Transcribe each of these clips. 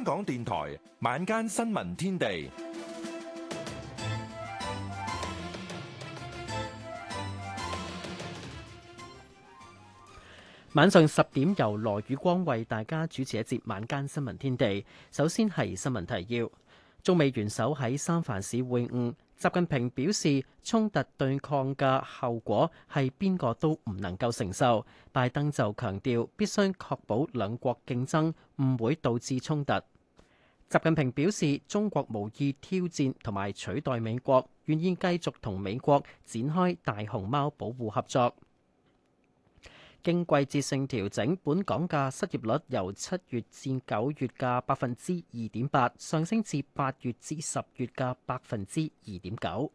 香港電台晚間新聞天地，晚上十點由羅宇光為大家主持一節晚間新聞天地。首先係新聞提要：中美元首喺三藩市會晤。習近平表示，衝突對抗嘅後果係邊個都唔能夠承受。拜登就強調必須確保兩國競爭唔會導致衝突。習近平表示，中國無意挑戰同埋取代美國，願意繼續同美國展開大熊貓保護合作。經季節性調整，本港嘅失業率由七月至九月嘅百分之二點八上升至八月至十月嘅百分之二點九。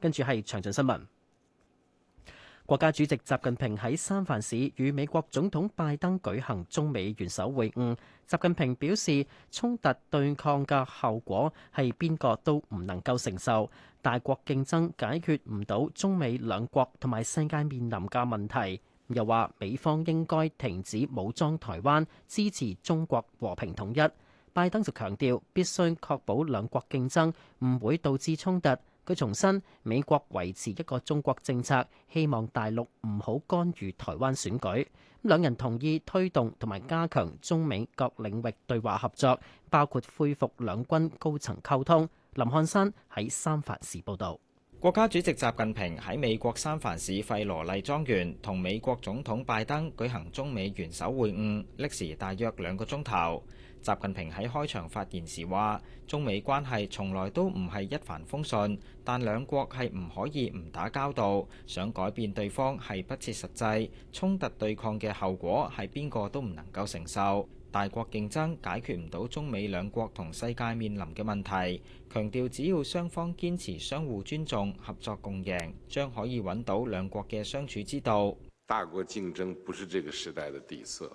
跟住係詳盡新聞。國家主席習近平喺三藩市與美國總統拜登舉行中美元首會晤。習近平表示，衝突對抗嘅後果係邊個都唔能夠承受，大國競爭解決唔到中美兩國同埋世界面臨嘅問題。又話美方應該停止武裝台灣，支持中國和平統一。拜登就強調，必須確保兩國競爭唔會導致衝突。佢重申美國維持一個中國政策，希望大陸唔好干預台灣選舉，兩人同意推動同埋加強中美各領域對話合作，包括恢復兩軍高層溝通。林漢山喺三藩市報道，國家主席習近平喺美國三藩市費羅麗莊園同美國總統拜登舉行中美元首會晤，歷時大約兩個鐘頭。習近平喺開場發言時話：中美關係從來都唔係一帆風順，但兩國係唔可以唔打交道。想改變對方係不切實際，衝突對抗嘅後果係邊個都唔能夠承受。大國競爭解決唔到中美兩國同世界面臨嘅問題。強調只要雙方堅持相互尊重、合作共贏，將可以揾到兩國嘅相處之道。大國競爭不是這個時代的底色。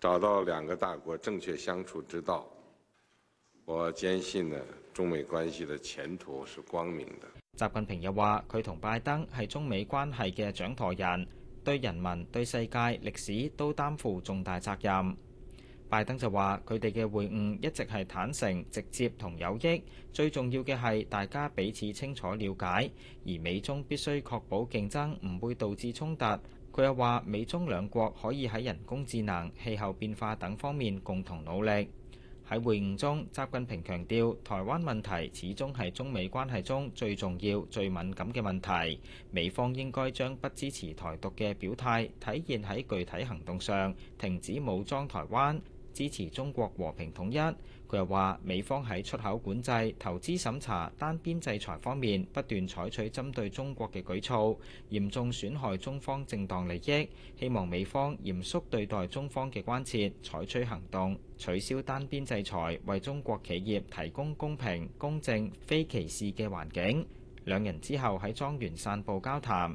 找到兩個大國正確相處之道，我堅信呢中美關係的前途是光明的。習近平又話：佢同拜登係中美關係嘅掌舵人，對人民、對世界、歷史都擔負重大責任。拜登就話：佢哋嘅會晤一直係坦誠、直接同有益，最重要嘅係大家彼此清楚了解，而美中必須確保競爭，唔會導致衝突。佢又話：美中兩國可以喺人工智能、氣候變化等方面共同努力。喺會晤中，習近平強調，台灣問題始終係中美關係中最重要、最敏感嘅問題。美方應該將不支持台獨嘅表態體現喺具體行動上，停止武裝台灣，支持中國和平統一。佢又話：美方喺出口管制、投資審查、單邊制裁方面不斷採取針對中國嘅舉措，嚴重損害中方正當利益。希望美方嚴肅對待中方嘅關切，採取行動，取消單邊制裁，為中國企業提供公平、公正、非歧視嘅環境。兩人之後喺莊園散步交談。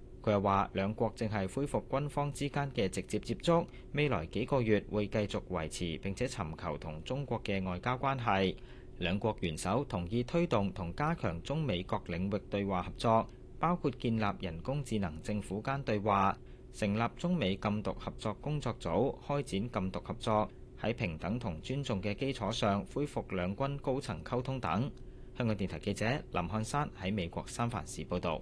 佢又話：兩國正係恢復軍方之間嘅直接接觸，未來幾個月會繼續維持並且尋求同中國嘅外交關係。兩國元首同意推動同加強中美各領域對話合作，包括建立人工智能政府間對話、成立中美禁毒合作工作組、開展禁毒合作、喺平等同尊重嘅基礎上恢復兩軍高層溝通等。香港電台記者林漢山喺美國三藩市報道。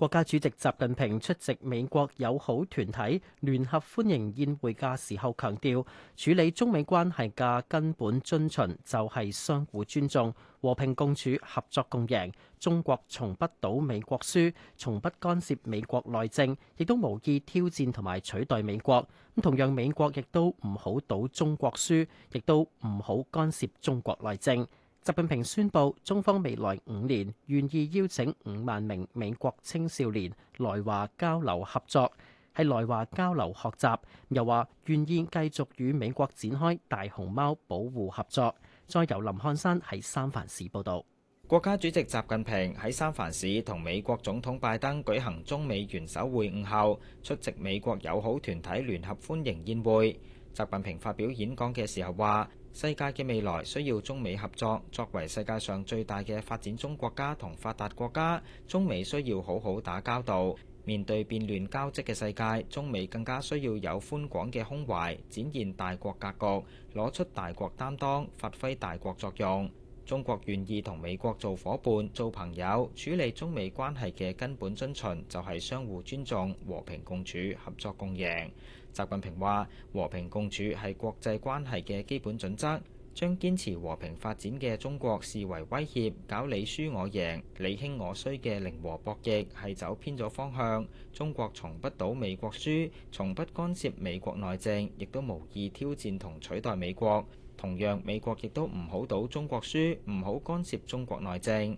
國家主席習近平出席美國友好團體聯合歡迎宴會嘅時候，強調處理中美關係嘅根本遵循就係相互尊重、和平共處、合作共贏。中國從不賭美國輸，從不干涉美國內政，亦都無意挑戰同埋取代美國。咁同樣，美國亦都唔好賭中國輸，亦都唔好干涉中國內政。習近平宣布，中方未來五年願意邀請五萬名美國青少年來華交流合作，係來華交流學習。又話願意繼續與美國展開大熊貓保護合作。再由林漢山喺三藩市報道。國家主席習近平喺三藩市同美國總統拜登舉行中美元首會晤後，出席美國友好團體聯合歡迎宴會。習近平發表演講嘅時候話，世界嘅未來需要中美合作。作為世界上最大嘅發展中國家同發達國家，中美需要好好打交道。面對變亂交織嘅世界，中美更加需要有寬廣嘅胸懷，展現大國格局，攞出大國擔當，發揮大國作用。中國願意同美國做夥伴、做朋友。處理中美關係嘅根本遵循就係相互尊重、和平共處、合作共贏。習近平話：和平共處係國際關係嘅基本準則，將堅持和平發展嘅中國視為威脅，搞你輸我贏、你興我衰嘅零和博弈係走偏咗方向。中國從不賭美國輸，從不干涉美國內政，亦都無意挑戰同取代美國。同樣，美國亦都唔好賭中國輸，唔好干涉中國內政。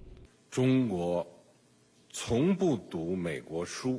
中國從不賭美國輸。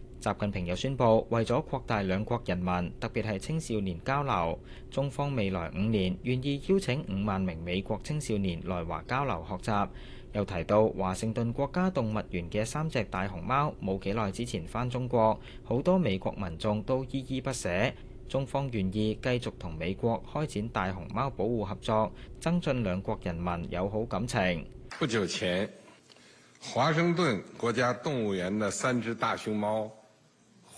習近平又宣佈，為咗擴大兩國人民，特別係青少年交流，中方未來五年願意邀請五萬名美國青少年來華交流學習。又提到華盛頓國家動物園嘅三隻大熊貓冇幾耐之前返中國，好多美國民眾都依依不捨。中方願意繼續同美國開展大熊貓保護合作，增進兩國人民友好感情。不久前，華盛頓國家動物園嘅三隻大熊貓。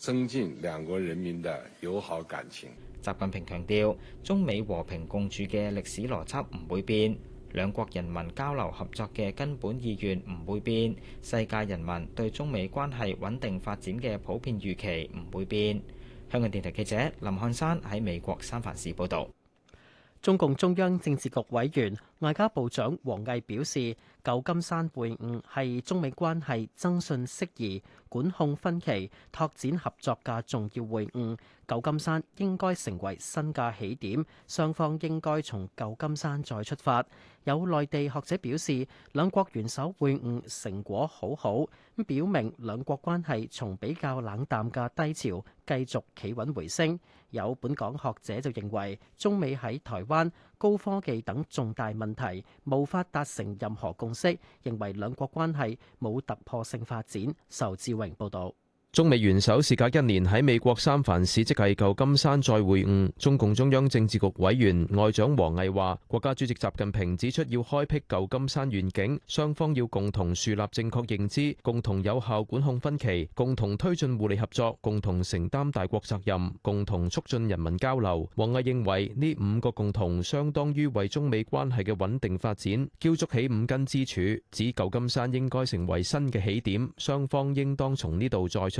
增進兩國人民的友好感情。習近平強調，中美和平共處嘅歷史邏輯唔會變，兩國人民交流合作嘅根本意願唔會變，世界人民對中美關係穩定發展嘅普遍預期唔會變。香港電台記者林漢山喺美國三藩市報道。中共中央政治局委員、外交部長王毅表示。舊金山會晤係中美關係增信釋疑、管控分歧、拓展合作嘅重要會晤。舊金山應該成為新嘅起點，雙方應該從舊金山再出發。有內地學者表示，兩國元首會晤成果好好，表明兩國關係從比較冷淡嘅低潮繼續企穩回升。有本港學者就認為，中美喺台灣、高科技等重大問題無法達成任何共識，認為兩國關係冇突破性發展。仇志榮報道。中美元首事隔一年喺美國三藩市即係舊金山再會晤。中共中央政治局委員外長王毅話，國家主席習近平指出，要開闢舊金山願景，雙方要共同樹立正確認知，共同有效管控分歧，共同推進互利合作，共同承擔大國責任，共同促進人民交流。王毅認為呢五個共同相當於為中美關係嘅穩定發展澆築起五根支柱，指舊金山應該成為新嘅起點，雙方應當從呢度再出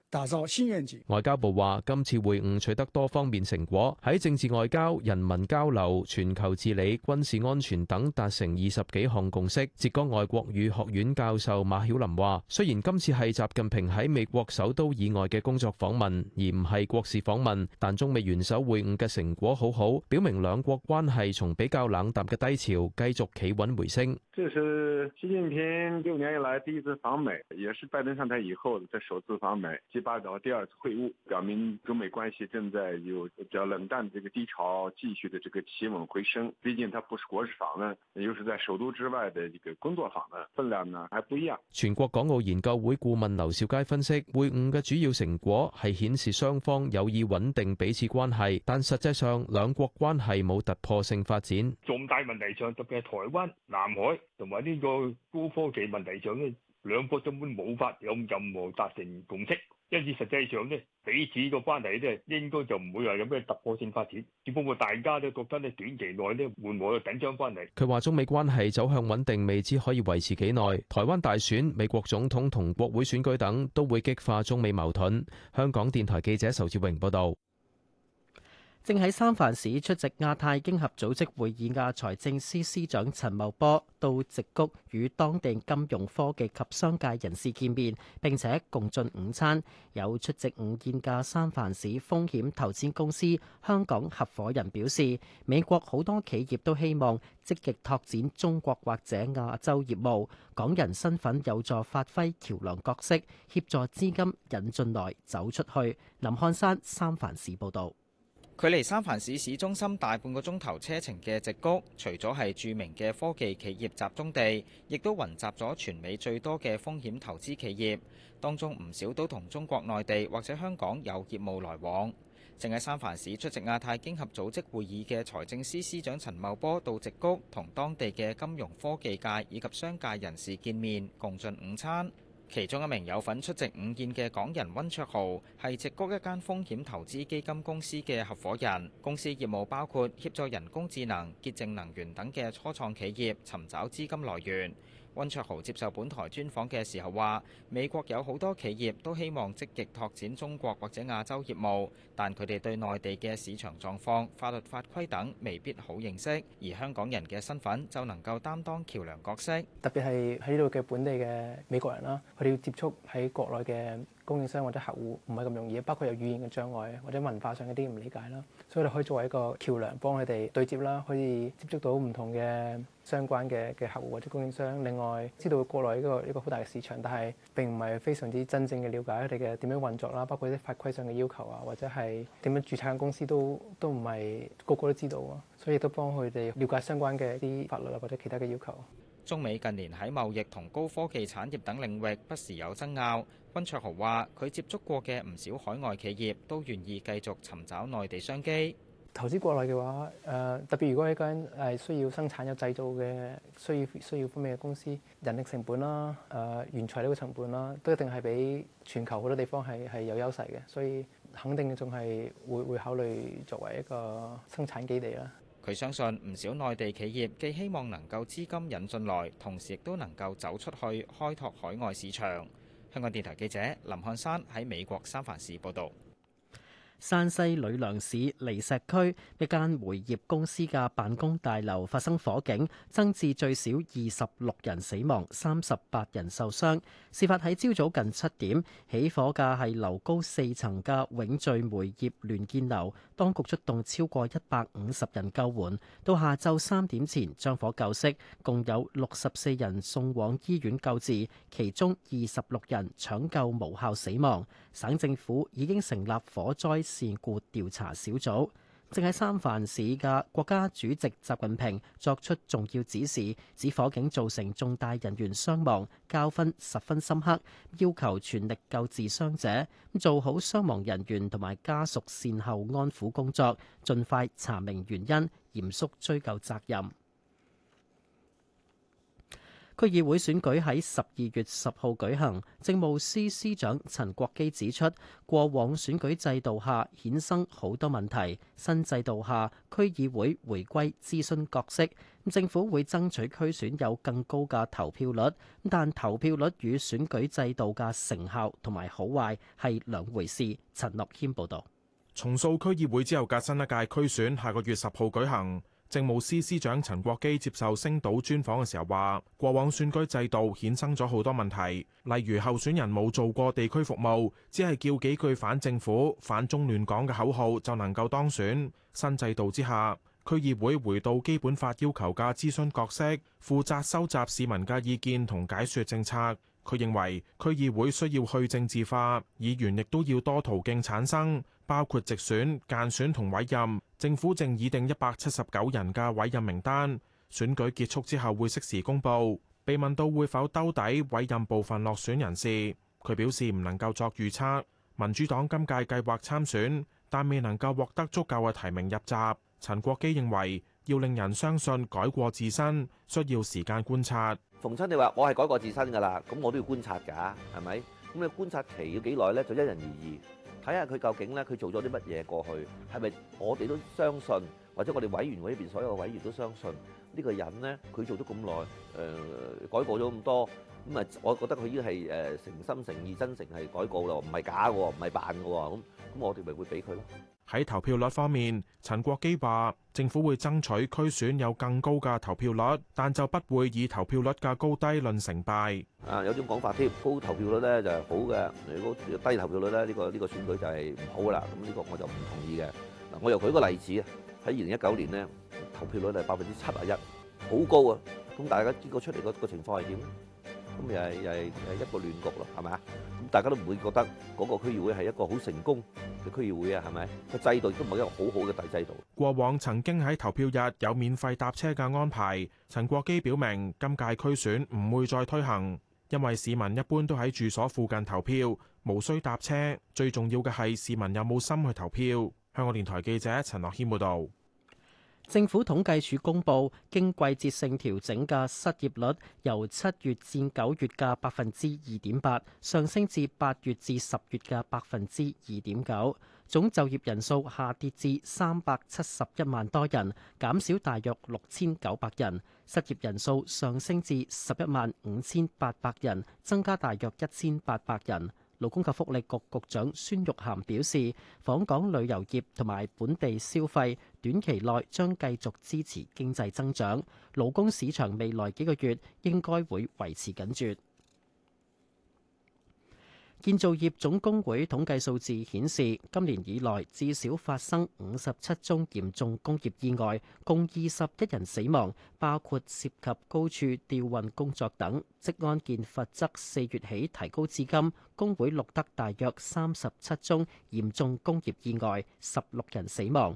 打造新願景。外交部話今次會晤取得多方面成果，喺政治外交、人民交流、全球治理、軍事安全等達成二十幾項共識。浙江外國語學院教授馬曉林話，雖然今次係習近平喺美國首都以外嘅工作訪問，而唔係國事訪問，但中美元首會晤嘅成果好好，表明兩國關係從比較冷淡嘅低潮繼續企穩回升。這是習近平六年以來第一次訪美，也是拜登上台以後嘅首次訪美。發表第二次會晤，表明中美關係正在有比較冷淡的這個低潮，繼續的這個企穩回升。畢竟它不是國事訪問，而是在首都之外的這個工作訪問，分量呢還不一樣。全國港澳研究會顧問劉兆佳分析，會晤嘅主要成果係顯示雙方有意穩定彼此關係，但實際上兩國關係冇突破性發展。重大問題上，特別係台灣、南海同埋呢個高科技問題上咧，兩國根本冇法有任何達成共識。因此，實際上咧，彼此個關係咧，應該就唔會話有咩突破性發展，只不過大家都覺得咧，短期內咧，緩和緊張關係。佢話：中美關係走向穩定，未知可以維持幾耐。台灣大選、美國總統同國會選舉等，都會激化中美矛盾。香港電台記者仇志榮報道。正喺三藩市出席亞太經合組織會議，嘅財政司司長陳茂波到矽谷與當地金融科技及商界人士見面，並且共進午餐。有出席午宴嘅三藩市風險投資公司香港合夥人表示，美國好多企業都希望積極拓展中國或者亞洲業務，港人身份有助發揮橋樑角色，協助資金引進來走出去。林漢山三藩市報道。距離三藩市市中心大半個鐘頭車程嘅矽谷，除咗係著名嘅科技企業集中地，亦都雲集咗全美最多嘅風險投資企業，當中唔少都同中國內地或者香港有業務來往。正喺三藩市出席亞太經合組織會議嘅財政司司長陳茂波到矽谷同當地嘅金融科技界以及商界人士見面，共進午餐。其中一名有份出席午宴嘅港人溫卓豪，係直谷一間風險投資基金公司嘅合伙人，公司業務包括協助人工智能、潔淨能源等嘅初創企業尋找資金來源。溫卓豪接受本台專訪嘅時候話：美國有好多企業都希望積極拓展中國或者亞洲業務，但佢哋對內地嘅市場狀況、法律法規等未必好認識，而香港人嘅身份就能夠擔當橋梁角色。特別係喺呢度嘅本地嘅美國人啦，佢哋要接觸喺國內嘅供應商或者客戶唔係咁容易，包括有語言嘅障礙或者文化上嘅啲唔理解啦，所以你可以作為一個橋梁幫佢哋對接啦，可以接觸到唔同嘅相關嘅嘅客戶或者供應商。另外，知道國內一個一個好大嘅市場，但係並唔係非常之真正嘅了解佢哋嘅點樣運作啦，包括啲法規上嘅要求啊，或者係點樣註冊嘅公司都都唔係個個都知道啊，所以都幫佢哋了解相關嘅一啲法律啊或者其他嘅要求。中美近年喺貿易同高科技產業等領域不時有爭拗。溫卓豪話，佢接觸過嘅唔少海外企業都願意繼續尋找內地商機。投資國內嘅話，誒、呃、特別如果一間誒需要生產有製造嘅需要需要方面嘅公司，人力成本啦、誒、呃、原材料嘅成本啦，都一定係比全球好多地方係係有優勢嘅，所以肯定仲係會會考慮作為一個生產基地啦。佢相信唔少內地企業，既希望能夠資金引進來，同時亦都能夠走出去開拓海外市場。香港電台記者林漢山喺美國三藩市報道。山西呂梁市離石區一間煤業公司嘅辦公大樓發生火警，增至最少二十六人死亡，三十八人受傷。事發喺朝早近七點，起火嘅係樓高四層嘅永聚煤業聯建樓。當局出動超過一百五十人救援，到下晝三點前將火救熄，共有六十四人送往醫院救治，其中二十六人搶救無效死亡。省政府已經成立火災事故調查小組正喺三藩市嘅國家主席習近平作出重要指示，指火警造成重大人員傷亡，教訓十分深刻，要求全力救治傷者，做好傷亡人員同埋家屬善後安撫工作，盡快查明原因，嚴肅追究責任。區議會選舉喺十二月十號舉行，政務司司長陳國基指出，過往選舉制度下衍生好多問題，新制度下區議會回歸諮詢角色，政府會爭取區選有更高嘅投票率，但投票率與選舉制度嘅成效同埋好壞係兩回事。陳樂謙報道。重塑區議會之後嘅新一屆區選下個月十號舉行。政務司司長陳國基接受星島專訪嘅時候話：過往選舉制度衍生咗好多問題，例如候選人冇做過地區服務，只係叫幾句反政府、反中亂港嘅口號就能夠當選。新制度之下，區議會回到基本法要求嘅諮詢角色，負責收集市民嘅意見同解說政策。佢認為區議會需要去政治化，議員亦都要多途徑產生，包括直選、間選同委任。政府正擬定一百七十九人嘅委任名單，選舉結束之後會適時公布。被問到會否兜底委任部分落選人士，佢表示唔能夠作預測。民主黨今屆計劃參選，但未能夠獲得足夠嘅提名入閘。陳國基認為，要令人相信改過自新，需要時間觀察。逢親你話我係改過自新噶啦，咁我都要觀察噶，係咪？咁你觀察期要幾耐咧？就因人而異。睇下佢究竟咧，佢做咗啲乜嘢過去？係咪我哋都相信，或者我哋委員會呢邊所有嘅委員都相信呢、呢個人咧？佢做咗咁耐，誒、呃、改過咗咁多，咁、嗯、啊，我覺得佢已經係誒誠心誠意、真誠係改過咯，唔係假嘅喎，唔係扮嘅喎咁。嗯。咁我哋咪會俾佢咯。喺投票率方面，陳國基話政府會爭取區選有更高嘅投票率，但就不會以投票率嘅高低論成敗。啊，有啲講法即，高投票率咧就係、是、好嘅；如果低投票率咧，呢、這個呢、這個選舉就係唔好噶啦。咁呢個我就唔同意嘅。嗱，我又舉個例子啊，喺二零一九年咧，投票率係百分之七啊一，好高啊。咁大家結果出嚟、個情況係點咧？咁又係又係又係一個亂局咯，係咪啊？大家都唔會覺得嗰個區議會係一個好成功嘅區議會啊，係咪？個制度都唔係一個好好嘅大制度。過往曾經喺投票日有免費搭車嘅安排，陳國基表明今屆區選唔會再推行，因為市民一般都喺住所附近投票，無需搭車。最重要嘅係市民有冇心去投票。香港電台記者陳樂軒報導。政府統計處公布，經季節性調整嘅失業率由七月至九月嘅百分之二點八上升至八月至十月嘅百分之二點九。總就業人數下跌至三百七十一萬多人，減少大約六千九百人；失業人數上升至十一萬五千八百人，增加大約一千八百人。勞工及福利局，局局長孫玉涵表示，訪港旅遊業同埋本地消費。短期內將繼續支持經濟增長，勞工市場未來幾個月應該會維持緊絕。建造業總工會統計數字顯示，今年以來至少發生五十七宗嚴重工業意外，共二十一人死亡，包括涉及高處吊運工作等。職安健罰則四月起提高至今，工會錄得大約三十七宗嚴重工業意外，十六人死亡。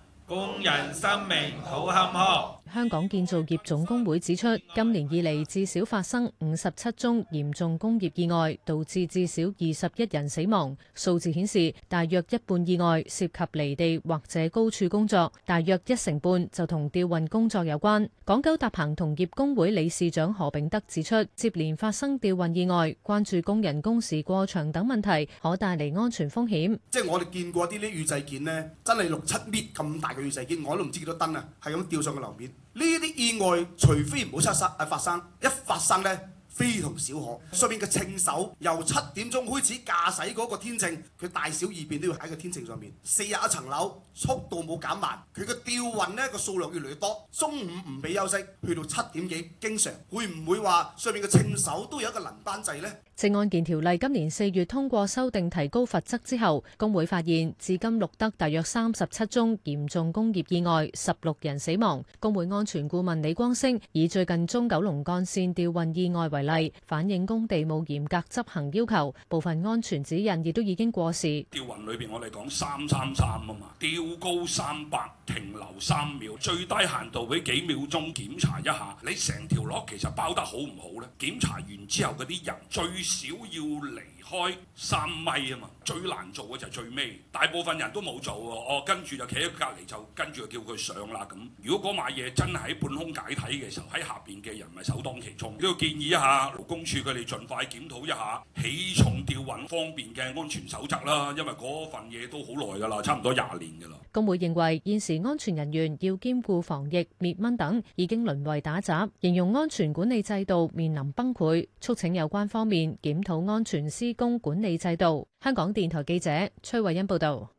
工人生命好坎坷。香港建造業總工會指出，今年以嚟至少發生五十七宗嚴重工業意外，導致至少二十一人死亡。數字顯示，大約一半意外涉及離地或者高處工作，大約一成半就同吊運工作有關。港九搭棚同業工會理事長何炳德指出，接連發生吊運意外，關注工人工時過長等問題，可帶嚟安全風險。即係我哋見過啲啲預製件咧，真係六七呎咁大。成件我都唔知幾多燈啊，係咁吊上個樓面。呢啲意外除非唔好出事啊發生，一發生呢，非同小可。上面嘅稱手由七點鐘開始駕駛嗰個天秤，佢大小二便都要喺個天秤上面。四十一層樓，速度冇減慢，佢嘅吊運呢個數量越嚟越多。中午唔俾休息，去到七點幾經常會唔會話上面嘅稱手都有一個輪班制呢？《正案件條例》今年四月通過修訂提高罰則之後，工會發現至今錄得大約三十七宗嚴重工業意外，十六人死亡。工會安全顧問李光升以最近中九龍幹線吊運意外為例，反映工地冇嚴格執行要求，部分安全指引亦都已經過時。吊運裏邊我哋講三三三啊嘛，吊高三百，停留三秒，最低限度俾幾秒鐘檢查一下，你成條落其實包得好唔好咧？檢查完之後嗰啲人最～少要離開三米啊嘛，最難做嘅就係最尾，大部分人都冇做喎。哦，跟住就企喺隔離，就跟住就叫佢上啦咁。如果嗰埋嘢真係喺半空解體嘅時候，喺下邊嘅人咪首當其衝。呢個建議一下勞工處佢哋盡快檢討一下起重吊運方面嘅安全守則啦，因為嗰份嘢都好耐㗎啦，差唔多廿年㗎啦。工會認為現時安全人員要兼顧防疫滅蚊等，已經淪為打雜，形容安全管理制度面臨崩潰，促請有關方面檢討安全施工管理制度。香港電台記者崔慧欣報導。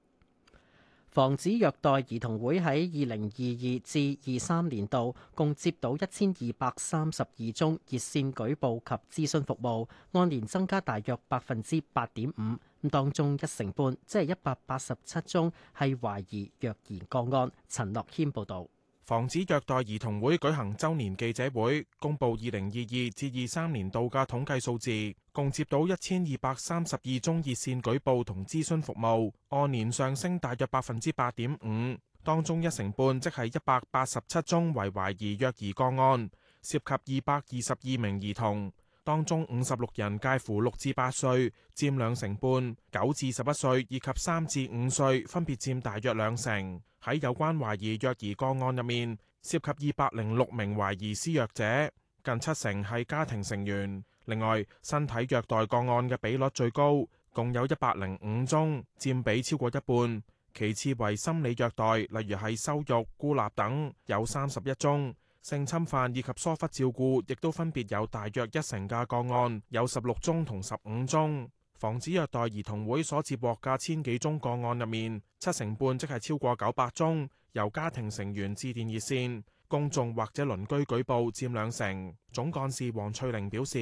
防止虐待兒童會喺二零二二至二三年度共接到一千二百三十二宗熱線舉報及諮詢服務，按年增加大約百分之八點五。咁當中一成半，即係一百八十七宗，係懷疑虐兒個案。陳樂軒報導。防止虐待兒童會舉行周年記者會，公布二零二二至二三年度嘅統計數字，共接到一千二百三十二宗熱線舉報同諮詢服務，按年上升大約百分之八點五。當中一成半，即係一百八十七宗為懷疑虐兒個案，涉及二百二十二名兒童。當中五十六人介乎六至八歲，佔兩成半；九至十一歲，以及三至五歲，分別佔大約兩成。喺有關懷疑虐兒個案入面，涉及二百零六名懷疑施虐者，近七成係家庭成員。另外，身體虐待個案嘅比率最高，共有一百零五宗，佔比超過一半。其次為心理虐待，例如係羞辱、孤立等，有三十一宗。性侵犯以及疏忽照顧亦都分別有大約一成嘅個案，有十六宗同十五宗。防止虐待兒童會所接獲嘅千幾宗個案入面，七成半即係超過九百宗，由家庭成員致電熱線、公眾或者鄰居舉報佔兩成。總幹事黃翠玲表示，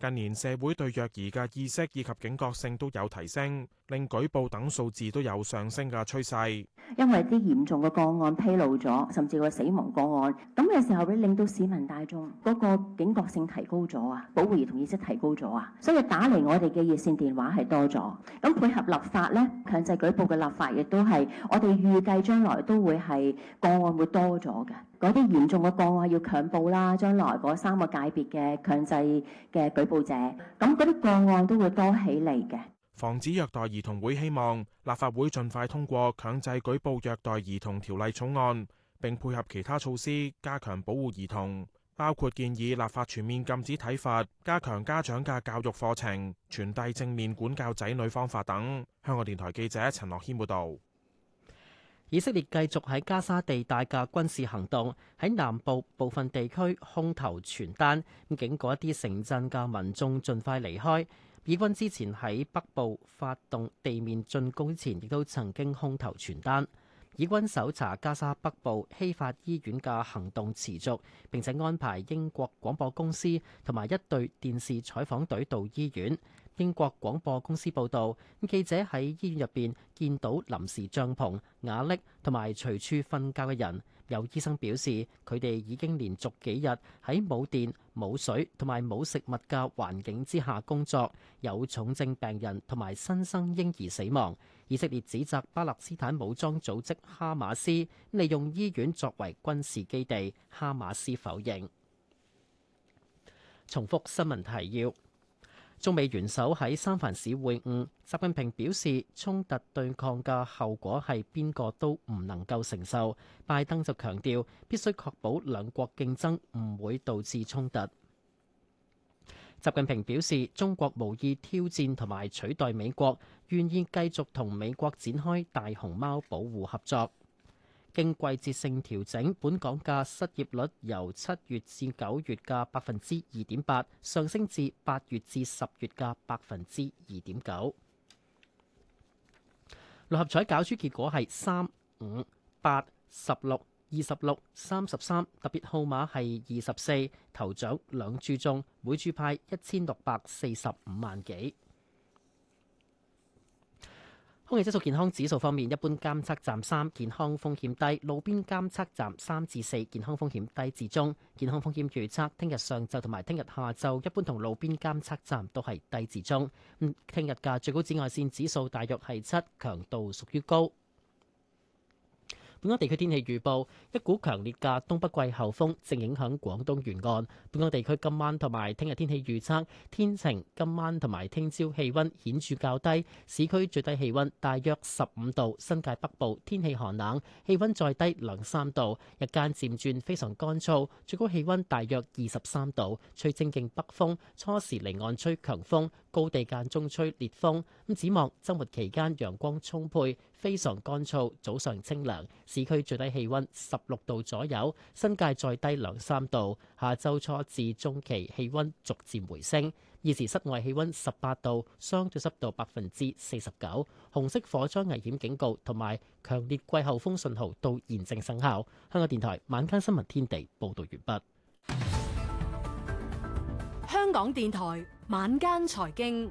近年社會對虐兒嘅意識以及警覺性都有提升。令舉報等數字都有上升嘅趨勢，因為啲嚴重嘅個案披露咗，甚至個死亡個案，咁嘅時候咧，令到市民大眾嗰個警覺性提高咗啊，保護兒童意識提高咗啊，所以打嚟我哋嘅熱線電話係多咗。咁配合立法咧，強制舉報嘅立法亦都係我哋預計將來都會係個案會多咗嘅，嗰啲嚴重嘅個案要強報啦，將來嗰三個界別嘅強制嘅舉報者，咁嗰啲個案都會多起嚟嘅。防止虐待兒童會希望立法會盡快通過強制舉報虐待兒童條例草案，並配合其他措施加強保護兒童，包括建議立法全面禁止體罰，加強家長嘅教育課程，傳遞正面管教仔女方法等。香港電台記者陳樂謙報道。以色列繼續喺加沙地帶嘅軍事行動，喺南部部分地區空投傳單，咁警告一啲城鎮嘅民眾盡快離開。以軍之前喺北部發動地面進攻之前，亦都曾經空投傳單。以軍搜查加沙北部希法醫院嘅行動持續，並且安排英國廣播公司同埋一隊電視採訪隊到醫院。英國廣播公司報道，咁記者喺醫院入邊見到臨時帳篷、瓦礫同埋隨處瞓覺嘅人。有醫生表示，佢哋已經連續幾日喺冇電、冇水同埋冇食物嘅環境之下工作，有重症病人同埋新生嬰兒死亡。以色列指責巴勒斯坦武裝組織哈馬斯利用醫院作為軍事基地。哈馬斯否認。重複新聞提要。中美元首喺三藩市會晤，習近平表示，衝突對抗嘅後果係邊個都唔能夠承受。拜登就強調必須確保兩國競爭唔會導致衝突。習近平表示，中國無意挑戰同埋取代美國，願意繼續同美國展開大熊貓保護合作。經季節性調整，本港嘅失業率由七月至九月嘅百分之二點八上升至八月至十月嘅百分之二點九。六合彩攪珠結果係三五八十六二十六三十三，特別號碼係二十四，頭獎兩注中，每注派一千六百四十五萬幾。空氣質素健康指數方面，一般監測站三，健康風險低；路邊監測站三至四，健康風險低至中。健康風險預測，聽日上晝同埋聽日下晝，一般同路邊監測站都係低至中。聽日嘅最高紫外線指數大約係七，強度屬於高。本港地區天氣預報：一股強烈嘅東北季候風正影響廣東沿岸。本港地區今晚同埋聽日天氣預測天晴，今晚同埋聽朝氣溫顯著較低，市區最低氣溫大約十五度，新界北部天氣寒冷，氣溫再低兩三度。日間漸轉非常乾燥，最高氣溫大約二十三度，吹清勁北風，初時離岸吹強風。高地間中吹烈風，咁展望周末期間陽光充沛，非常乾燥，早上清涼，市區最低氣温十六度左右，新界再低兩三度。下周初至中期氣温逐漸回升，現時室外氣温十八度，相對濕度百分之四十九，紅色火災危險警告同埋強烈季候風信號都現正生效。香港電台晚間新聞天地報道完畢。香港電台晚間財經，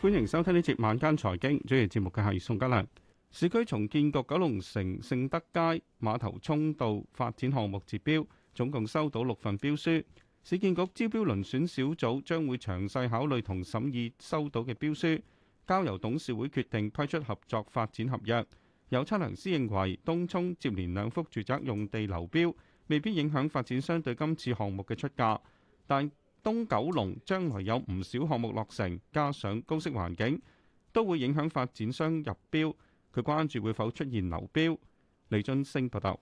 歡迎收聽呢節晚間財經，主持節目嘅係宋家良。市區重建局九龍城盛德街碼頭涌道發展項目截標，總共收到六份標書。市建局招標遴選小組將會詳細考慮同審議收到嘅標書，交由董事會決定批出合作發展合約。有測量師認為東涌接連兩幅住宅用地流標，未必影響發展商對今次項目嘅出價，但東九龍將來有唔少項目落成，加上高息環境，都會影響發展商入標。佢關注會否出現流標。李俊升報道。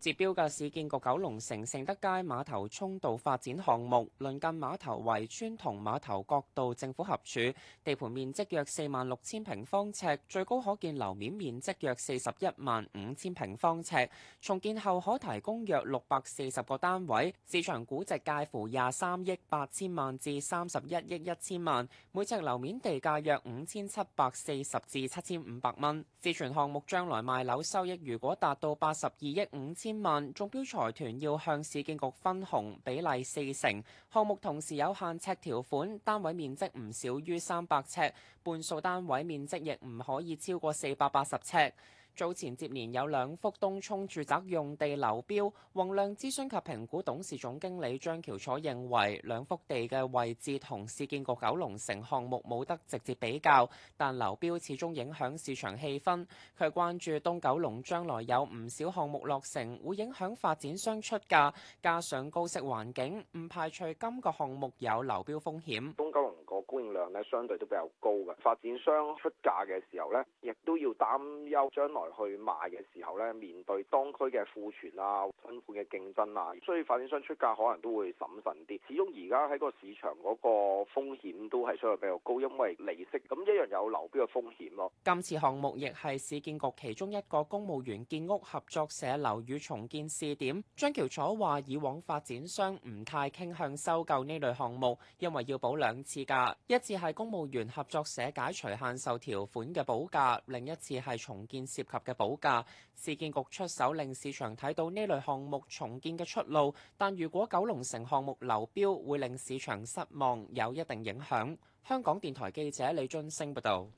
接標嘅市建局九龍城盛德街馬頭涌道發展項目，鄰近馬頭圍村同馬頭角道政府合署，地盤面積約四萬六千平方尺，最高可建樓面面積約四十一萬五千平方尺，重建後可提供約六百四十個單位，市場估值介乎廿三億八千萬至三十一億一千萬，每尺樓面地價約五千七百四十至七千五百蚊。自存項目將來賣樓收益如果達到八十二億五千千萬中標財團要向市建局分紅比例四成，項目同時有限呎條款，單位面積唔少於三百呎，半數單位面積亦唔可以超過四百八十呎。早前接連有兩幅東涌住宅用地流標，宏亮諮詢及評估董事總經理張橋楚認為，兩幅地嘅位置同市建局九龍城項目冇得直接比較，但流標始終影響市場氣氛。佢關注東九龍將來有唔少項目落成，會影響發展商出價，加上高息環境，唔排除今個項目有流標風險。個供應量呢，相對都比較高嘅，發展商出價嘅時候呢，亦都要擔憂將來去賣嘅時候呢，面對當區嘅庫存啊、新款嘅競爭啊，所以發展商出價可能都會審慎啲。始終而家喺個市場嗰個風險都係相對比較高，因為利息咁一樣有流標嘅風險咯。今次項目亦係市建局其中一個公務員建屋合作社樓宇重建試點。張翹楚話：以往發展商唔太傾向收購呢類項目，因為要補兩次價。 一次係公務員合作社解除限售條款嘅補價，另一次係重建涉及嘅補價。市建局出手令市場睇到呢類項目重建嘅出路，但如果九龍城項目流標，會令市場失望，有一定影響。香港電台記者李津星報道。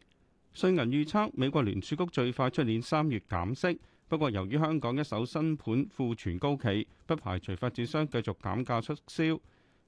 瑞銀預測美國聯儲局最快出年三月減息，不過由於香港一手新盤庫存高企，不排除發展商繼續減價促銷。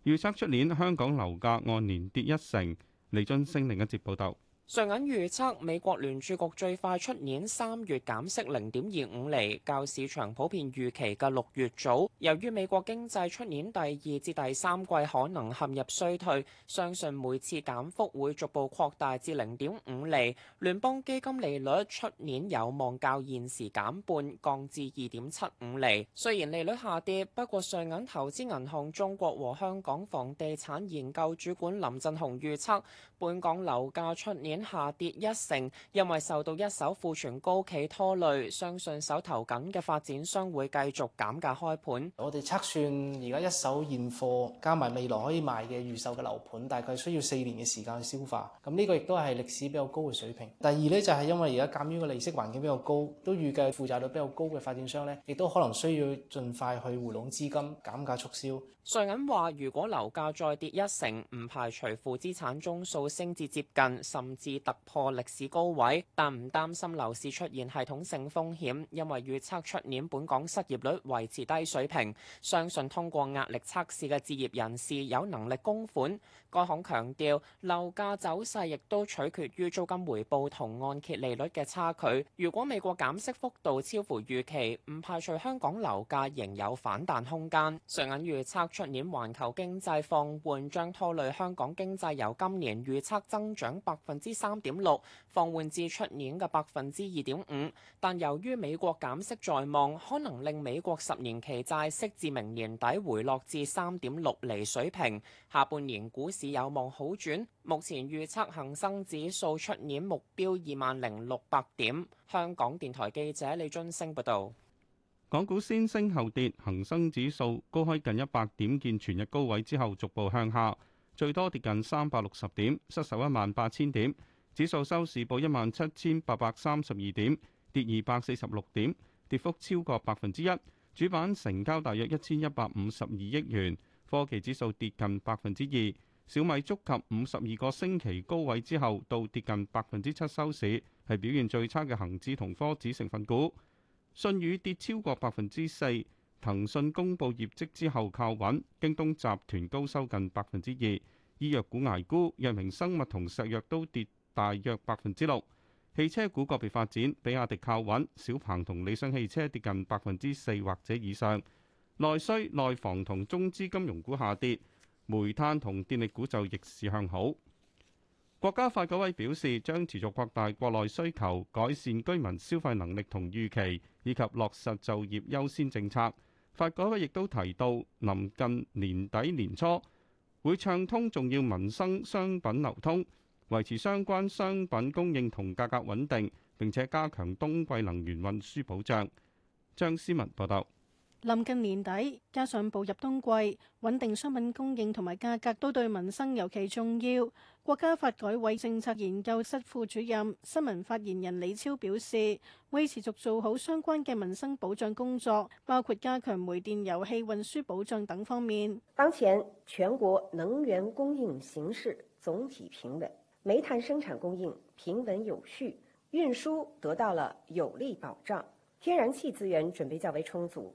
預測出年香港樓價按年跌一成，李津升另一節報導。瑞銀預測美國聯儲局最快出年三月減息零點二五厘，較市場普遍預期嘅六月早。由於美國經濟出年第二至第三季可能陷入衰退，相信每次減幅會逐步擴大至零點五厘。聯邦基金利率出年有望較現時減半，降至二點七五厘。雖然利率下跌，不過瑞銀投資銀行中國和香港房地產研究主管林振雄預測，本港樓價出年。下跌一成，因為受到一手庫存高企拖累，相信手頭緊嘅發展商會繼續減價開盤。我哋測算而家一手現貨加埋未來可以賣嘅預售嘅樓盤，大概需要四年嘅時間去消化。咁呢個亦都係歷史比較高嘅水平。第二咧，就係因為而家鑒於個利息環境比較高，都預計負債率比較高嘅發展商咧，亦都可能需要盡快去回籠資金，減價促銷。瑞銀話：如果樓價再跌一成，唔排除負資產宗數升至接近甚至突破歷史高位，但唔擔心樓市出現系統性風險，因為預測出年本港失業率維持低水平，相信通過壓力測試嘅置業人士有能力供款。該行強調樓價走勢亦都取決於租金回報同按揭利率嘅差距。如果美國減息幅度超乎預期，唔排除香港樓價仍有反彈空間。上銀預測出年環球經濟放緩將拖累香港經濟，由今年預測增長百分之三點六放緩至出年嘅百分之二點五。但由於美國減息在望，可能令美國十年期債息至明年底回落至三點六厘水平，下半年股市有望好轉，目前預測恒生指數出年目標二萬零六百點。香港電台記者李津升報道，港股先升後跌，恒生指數高開近一百點，見全日高位之後逐步向下，最多跌近三百六十點，失守一萬八千點。指數收市報一萬七千八百三十二點，跌二百四十六點，跌幅超過百分之一。主板成交大約一千一百五十二億元，科技指數跌近百分之二。小米觸及五十二個星期高位之後，到跌近百分之七收市，係表現最差嘅恒指同科指成分股。信宇跌超過百分之四，騰訊公布業績之後靠穩，京東集團高收近百分之二。醫藥股挨沽，藥明生物同石藥都跌大約百分之六。汽車股個別發展，比亞迪靠穩，小鵬同理想汽車跌近百分之四或者以上。內需、內房同中資金融股下跌。煤炭同電力股就逆市向好。國家發改委表示，將持續擴大國內需求，改善居民消費能力同預期，以及落實就業優先政策。發改委亦都提到，臨近年底年初，會暢通重要民生商品流通，維持相關商品供應同價格穩定，並且加強冬季能源運輸保障。張思文報道。臨近年底，加上步入冬季，穩定商品供應同埋價格都對民生尤其重要。國家發改委政策研究室副主任、新聞發言人李超表示，會持續做好相關嘅民生保障工作，包括加強煤電油氣運輸保障等方面。當前全國能源供應形勢總體平穩，煤炭生產供應平穩有序，運輸得到了有力保障，天然氣資源準備較為充足。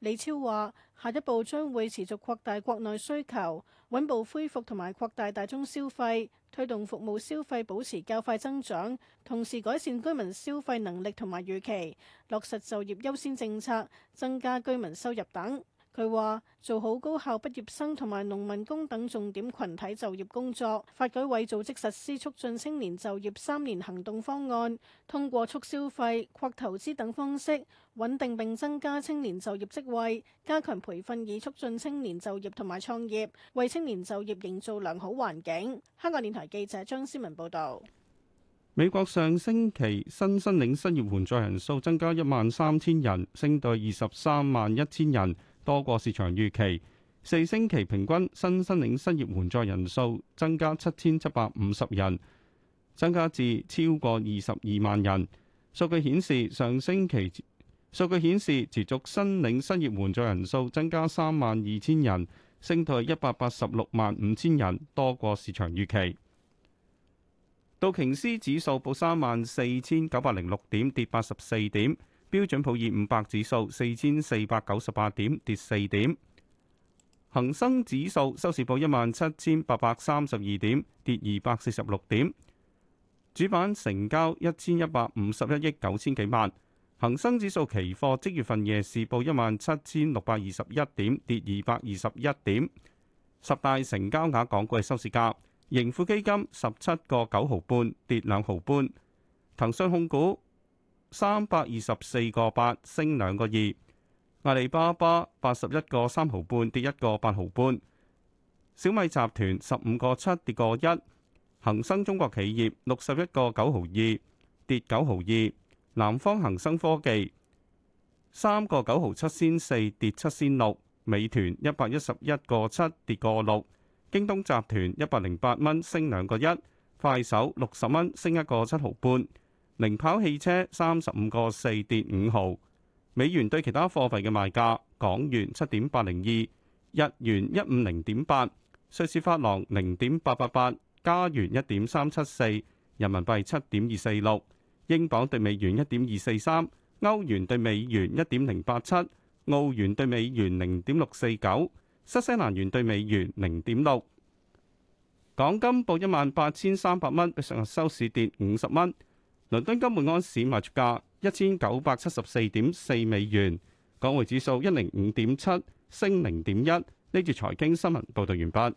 李超話：下一步將會持續擴大國內需求，穩步恢復同埋擴大大宗消費，推動服務消費保持較快增長，同時改善居民消費能力同埋預期，落實就業優先政策，增加居民收入等。佢話：做好高校畢業生同埋農民工等重點群體就業工作。發改委組織實施促進青年就業三年行動方案，通過促消費、擴投資等方式，穩定並增加青年就業職位，加強培訓以促進青年就業同埋創業，為青年就業營造良好環境。香港電台記者張思文報導。美國上星期新申領失業援助人數增加一萬三千人，升到二十三萬一千人。多過市場預期，四星期平均新申領失業援助人數增加七千七百五十人，增加至超過二十二萬人。數據顯示上星期數據顯示持續申領失業援助人數增加三萬二千人，升到一百八十六萬五千人，多過市場預期。道瓊斯指數報三萬四千九百零六點，跌八十四點。標準普爾五百指數四千四百九十八點跌四點，恒生指數收市報一萬七千八百三十二點跌二百四十六點，主板成交一千一百五十一億九千幾萬，恒生指數期貨即月份夜市報一萬七千六百二十一點跌二百二十一點，十大成交額港股嘅收市價，盈富基金十七個九毫半跌兩毫半，騰訊控股。三百二十四個八升兩個二，阿里巴巴八十一個三毫半跌一個八毫半，小米集團十五個七跌個一，恒生中國企業六十一個九毫二跌九毫二，南方恒生科技三個九毫七仙四跌七仙六，美團一百一十一個七跌個六，京東集團一百零八蚊升兩個一，快手六十蚊升一個七毫半。零跑汽車三十五個四跌五毫。美元對其他貨幣嘅賣價：港元七點八零二，日元一五零點八，瑞士法郎零點八八八，加元一點三七四，人民幣七點二四六，英鎊兌美元一點二四三，歐元兌美元一點零八七，澳元兌美元零點六四九，新西蘭元兌美元零點六。港金報一萬八千三百蚊，比上日收市跌五十蚊。倫敦金每盎司賣出價一千九百七十四點四美元，港匯指數一零五點七升零點一。呢段財經新聞報道完畢。